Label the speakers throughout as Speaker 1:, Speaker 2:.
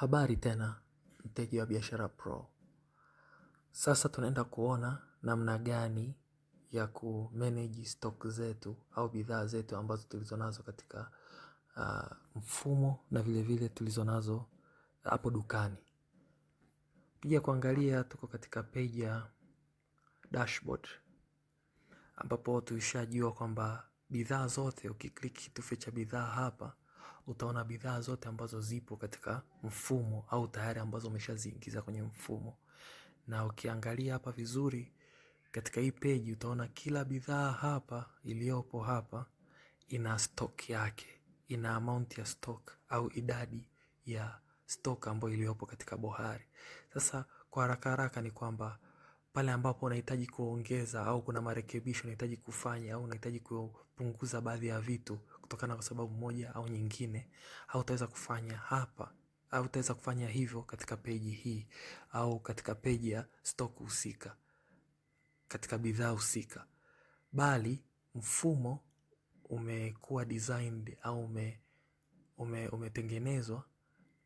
Speaker 1: Habari tena mteja wa Biashara Pro. Sasa tunaenda kuona namna gani ya manage stock zetu au bidhaa zetu ambazo tulizonazo katika uh, mfumo na vilevile vile tulizonazo hapo dukani. Pia kuangalia, tuko katika page ya dashboard ambapo tulishajua kwamba bidhaa zote, ukiklik kitufe cha bidhaa hapa utaona bidhaa zote ambazo zipo katika mfumo au tayari ambazo umeshaziingiza kwenye mfumo. Na ukiangalia hapa vizuri katika hii peji utaona kila bidhaa hapa iliyopo hapa ina stock yake, ina amount ya stock au idadi ya stock ambayo iliyopo katika bohari. Sasa kwa haraka haraka ni kwamba pale ambapo unahitaji kuongeza au kuna marekebisho unahitaji kufanya au unahitaji kupunguza baadhi ya vitu kutokana kwa sababu moja au nyingine, hautaweza kufanya hapa au utaweza kufanya hivyo katika peji hii au katika peji ya stock husika, katika bidhaa husika, bali mfumo umekuwa designed au ume, ume, umetengenezwa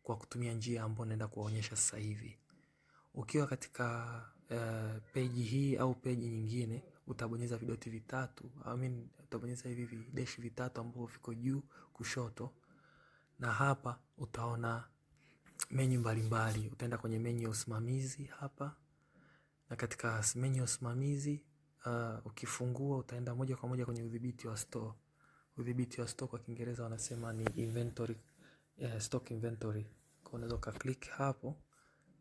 Speaker 1: kwa kutumia njia ambayo naenda kuwaonyesha sasa hivi. Ukiwa katika uh, peji hii au peji nyingine utabonyeza vidoti vitatu I mean, utabonyeza hivi videshi vitatu ambavyo viko juu kushoto, na hapa utaona menyu mbalimbali. Utaenda kwenye menyu ya usimamizi hapa, na katika menyu ya usimamizi uh, ukifungua utaenda moja kwa moja kwenye udhibiti wa store. Udhibiti wa store kwa Kiingereza wanasema ni inventory, uh, stock inventory. Kwa unaweza ukaklik hapo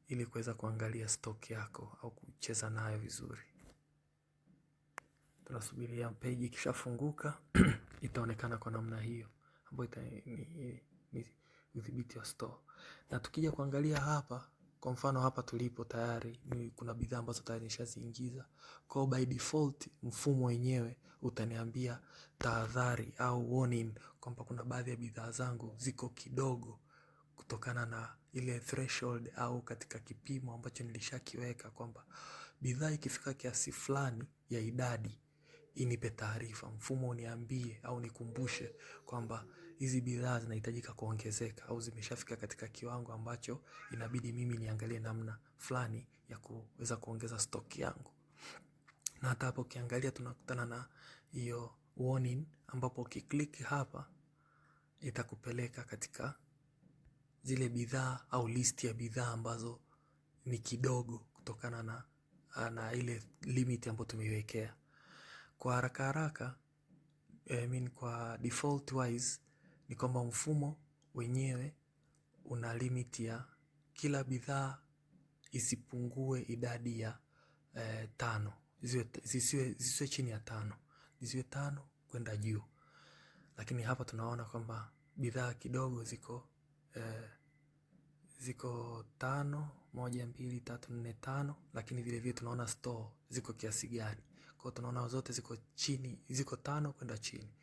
Speaker 1: ili kuweza kuangalia stock yako au kucheza nayo vizuri tunasubiria peji ikishafunguka itaonekana kwa namna hiyo ambayo ni udhibiti wa store. Na tukija kuangalia hapa, kwa mfano hapa tulipo tayari ni kuna bidhaa ambazo tayari nishaziingiza. Kwa by default mfumo wenyewe utaniambia tahadhari au warning kwamba kuna baadhi ya bidhaa zangu ziko kidogo kutokana na ile threshold au katika kipimo ambacho nilishakiweka kwamba bidhaa ikifika kiasi fulani ya idadi inipe taarifa, mfumo uniambie au nikumbushe kwamba hizi bidhaa zinahitajika kuongezeka au zimeshafika katika kiwango ambacho inabidi mimi niangalie namna fulani ya kuweza kuongeza stock yangu. Na hata hapo ukiangalia tunakutana na hiyo warning ambapo ukiklik hapa itakupeleka katika zile bidhaa au list ya bidhaa ambazo ni kidogo kutokana na, na ile limit ambayo tumeiwekea. Kwa haraka haraka, I mean kwa default wise ni kwamba mfumo wenyewe una limit ya kila bidhaa isipungue idadi ya eh, tano zisiwe, zisiwe, zisiwe chini ya tano zisiwe tano kwenda juu, lakini hapa tunaona kwamba bidhaa kidogo ziko eh, ziko tano moja mbili tatu nne tano, lakini vilevile tunaona store ziko kiasi gani. Kwa tunaona zote ziko chini, ziko tano kwenda chini.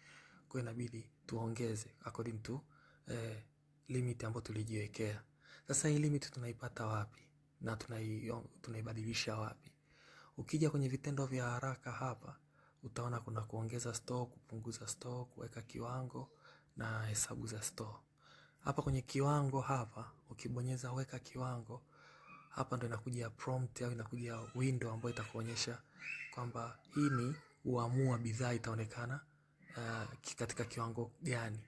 Speaker 1: Kwa inabidi tuongeze according to eh, limit ambayo tulijiwekea. Sasa hii limit tunaipata wapi na tunai, tunaibadilisha wapi? Ukija kwenye vitendo vya haraka hapa utaona kuna kuongeza store, kupunguza store, kuweka kiwango na hesabu za store. Hapa kwenye kiwango hapa ukibonyeza weka kiwango hapa ndo inakuja prompt au inakuja window ambayo itakuonyesha kwamba hii ni uamua bidhaa itaonekana uh, katika kiwango gani.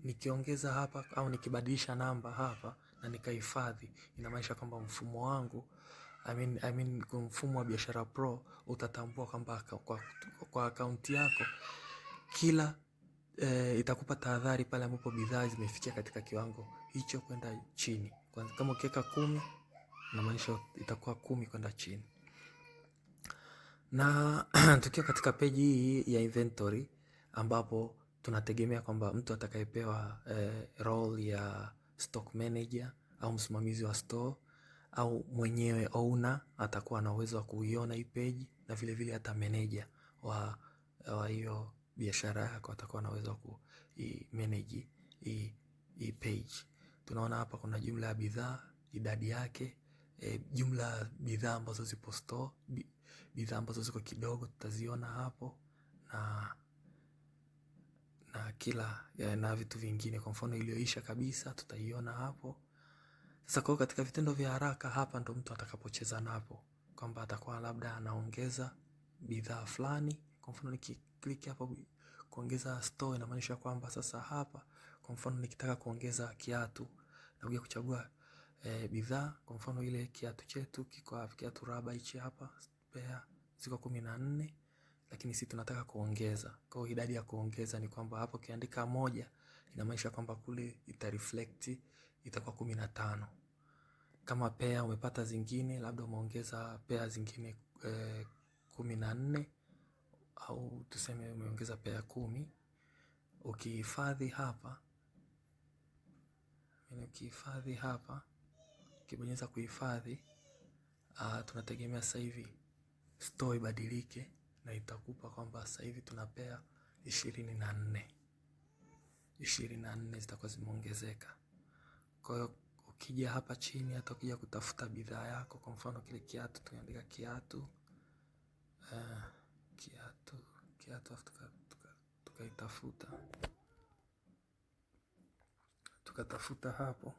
Speaker 1: Nikiongeza hapa au nikibadilisha namba hapa na nikahifadhi, inamaanisha kwamba mfumo wangu I mean, I mean, mfumo wa Biashara Pro utatambua kwamba kwa, kwa akaunti yako kila E, itakupa tahadhari pale ambapo bidhaa zimefikia katika kiwango hicho kwenda chini. Kwa kama ukiweka kumi, inamaanisha itakuwa kumi kwenda chini. Na tukiwa katika peji hii ya inventory ambapo tunategemea kwamba mtu atakayepewa eh, role ya stock manager au msimamizi wa store au mwenyewe owner atakuwa na uwezo wa kuiona hii peji, na vilevile hata manager wa wa hiyo biashara yako atakuwa na uwezo wa ku hii page. Tunaona hapa kuna jumla ya bidhaa, idadi yake e, jumla ya bidhaa ambazo zipo store, bidhaa ambazo ziko kidogo tutaziona hapo na na kila ya eh, na vitu vingine, kwa mfano iliyoisha kabisa tutaiona hapo. Sasa kwa katika vitendo vya haraka, hapa ndo mtu atakapocheza napo, kwamba atakuwa labda anaongeza bidhaa fulani. Kwa mfano nikiklik hapo kuongeza store, inamaanisha kwamba sasa hapa, kwa mfano nikitaka kuongeza kiatu, nakuja kuchagua e, bidhaa. Kwa mfano ile kiatu chetu kiko kiatu raba hichi hapa pea ziko kumi na nne lakini sisi tunataka kuongeza. Kwa hiyo idadi ya kuongeza ni kwamba hapo ukiandika moja inamaanisha kwamba kule ita reflect itakuwa kumi na tano. Kama pea umepata zingine labda umeongeza pea zingine e, kumi na nne au tuseme umeongeza pea kumi ukihifadhi hapa yaani ukihifadhi hapa ukibonyeza kuhifadhi, uh, tunategemea sasa hivi store ibadilike na itakupa kwamba sasa hivi tunapea ishirini na nne ishirini na nne zitakuwa zimeongezeka. Kwa hiyo ukija hapa chini, hata ukija kutafuta bidhaa yako, kwa mfano kile kiatu, tunaandika kiatu uh, kiatu kiatu, afu tukaitafuta tuka, tuka tukatafuta hapo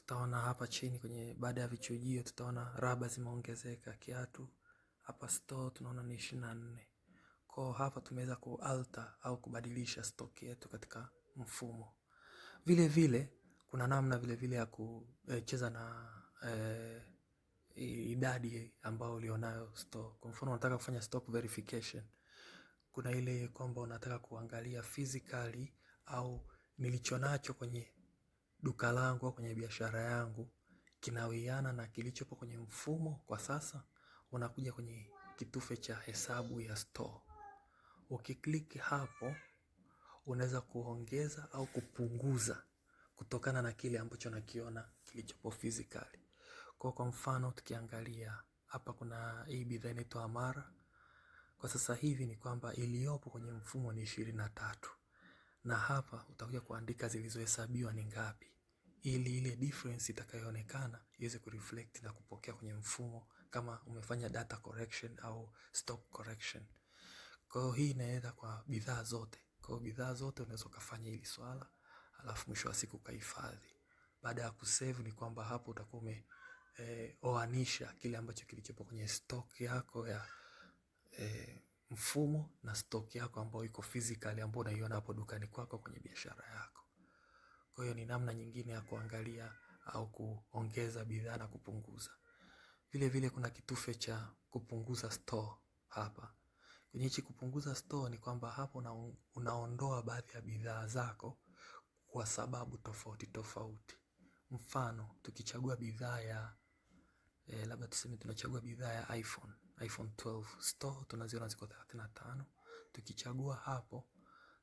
Speaker 1: tutaona hapa chini kwenye baada ya vichujio tutaona raba zimeongezeka kiatu hapa store tunaona ni ishirini na nne kwao hapa tumeweza kualter au kubadilisha stock yetu katika mfumo vile vile kuna namna vile vile ya kucheza eh, na eh, idadi ambayo ulionayo store Kwa mfano unataka kufanya stock verification, kuna ile kwamba unataka kuangalia physically au nilichonacho kwenye duka langu au kwenye biashara yangu kinawiana na kilichopo kwenye mfumo kwa sasa, unakuja kwenye kitufe cha hesabu ya store. Ukiklik hapo, unaweza kuongeza au kupunguza kutokana na kile ambacho nakiona kilichopo physically. Kwa kwa mfano tukiangalia hapa, kuna hii bidhaa inaitwa Amara. Kwa sasa hivi ni kwamba iliyopo kwenye mfumo ni ishirini na tatu na hapa utakuja kuandika zilizohesabiwa ni ngapi, ili ile difference itakayoonekana iweze kureflect na kupokea kwenye mfumo kama umefanya data correction au stock correction. Kwa hiyo hii inaenda kwa bidhaa zote. Kwa hiyo bidhaa zote unaweza ukafanya hili swala, alafu mwisho wa siku ukahifadhi. Baada ya kusave ni kwamba hapo utakuwa ume eh, oanisha kile ambacho kilichopo kwenye stock yako ya eh, mfumo na stock yako ambayo iko physically ambayo unaiona hapo dukani kwako kwenye biashara yako. Kwa hiyo ni namna nyingine ya kuangalia au kuongeza bidhaa na kupunguza. Vile vile kuna kitufe cha kupunguza store hapa. Kwenye hichi kupunguza store ni kwamba hapo una, unaondoa baadhi ya bidhaa zako kwa sababu tofauti tofauti. Mfano tukichagua bidhaa ya eh, labda tuseme tunachagua bidhaa ya iPhone iPhone 12 store tunaziona ziko 35. Tukichagua hapo,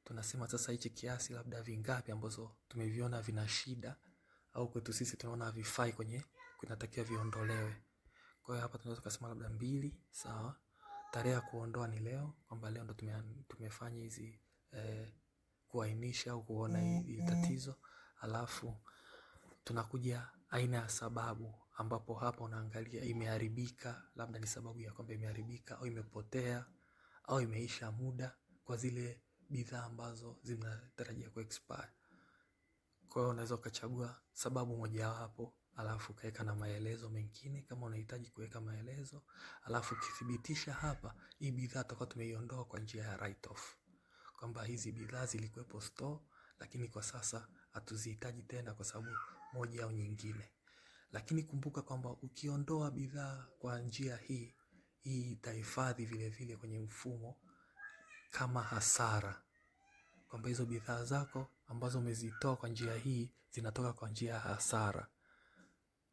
Speaker 1: tunasema sasa hichi kiasi labda vingapi ambazo tumeviona vina shida au kwetu sisi tunaona havifai kwenye kunatakiwa viondolewe. Kwa hiyo hapa tunaweza kusema labda mbili, sawa. Tarehe ya kuondoa ni leo, kwamba leo ndo tume, tumefanya hizi eh, kuainisha au kuona hili mm, mm. tatizo, alafu tunakuja aina ya sababu ambapo hapa unaangalia imeharibika, labda ni sababu ya kwamba imeharibika au imepotea au imeisha muda kwa zile bidhaa ambazo zinatarajia ku expire. Kwa hiyo unaweza ukachagua sababu mojawapo, alafu ukaweka na maelezo mengine kama unahitaji kuweka maelezo, alafu ukithibitisha hapa, hii bidhaa tutakuwa tumeiondoa kwa njia ya write off, kwamba hizi bidhaa zilikuwepo store, lakini kwa sasa hatuzihitaji tena kwa sababu moja au nyingine. Lakini kumbuka kwamba ukiondoa bidhaa kwa njia hii hii itahifadhi vile vile kwenye mfumo kama hasara, kwamba hizo bidhaa zako ambazo umezitoa kwa njia hii zinatoka kwa njia ya hasara.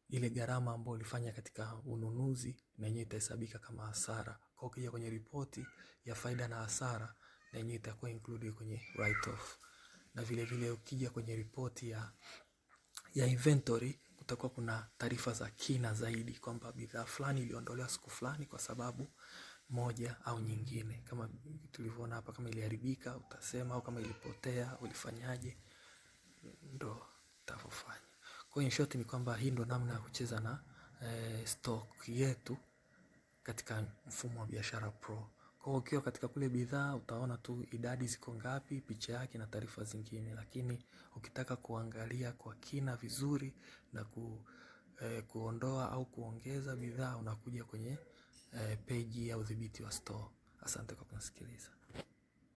Speaker 1: Ile gharama ambayo ulifanya katika ununuzi na yenyewe itahesabika kama hasara, kwa ukija kwenye ripoti ya faida na hasara na yenyewe itakuwa included kwenye write off. Na vile vile ukija kwenye ripoti ya, ya inventory utakuwa kuna taarifa za kina zaidi kwamba bidhaa fulani iliondolewa siku fulani kwa sababu moja au nyingine, kama tulivyoona hapa, kama iliharibika utasema, au kama ilipotea ulifanyaje, ndo utavyofanya. Kwa hiyo in short ni kwamba hii ndo namna ya kucheza na eh, stock yetu katika mfumo wa biashara pro. Kwa ukiwa katika kule bidhaa utaona tu idadi ziko ngapi, picha yake na taarifa zingine, lakini ukitaka kuangalia kwa kina vizuri na ku, eh, kuondoa au kuongeza bidhaa unakuja kwenye eh, peji ya udhibiti wa store. Asante kwa kunisikiliza.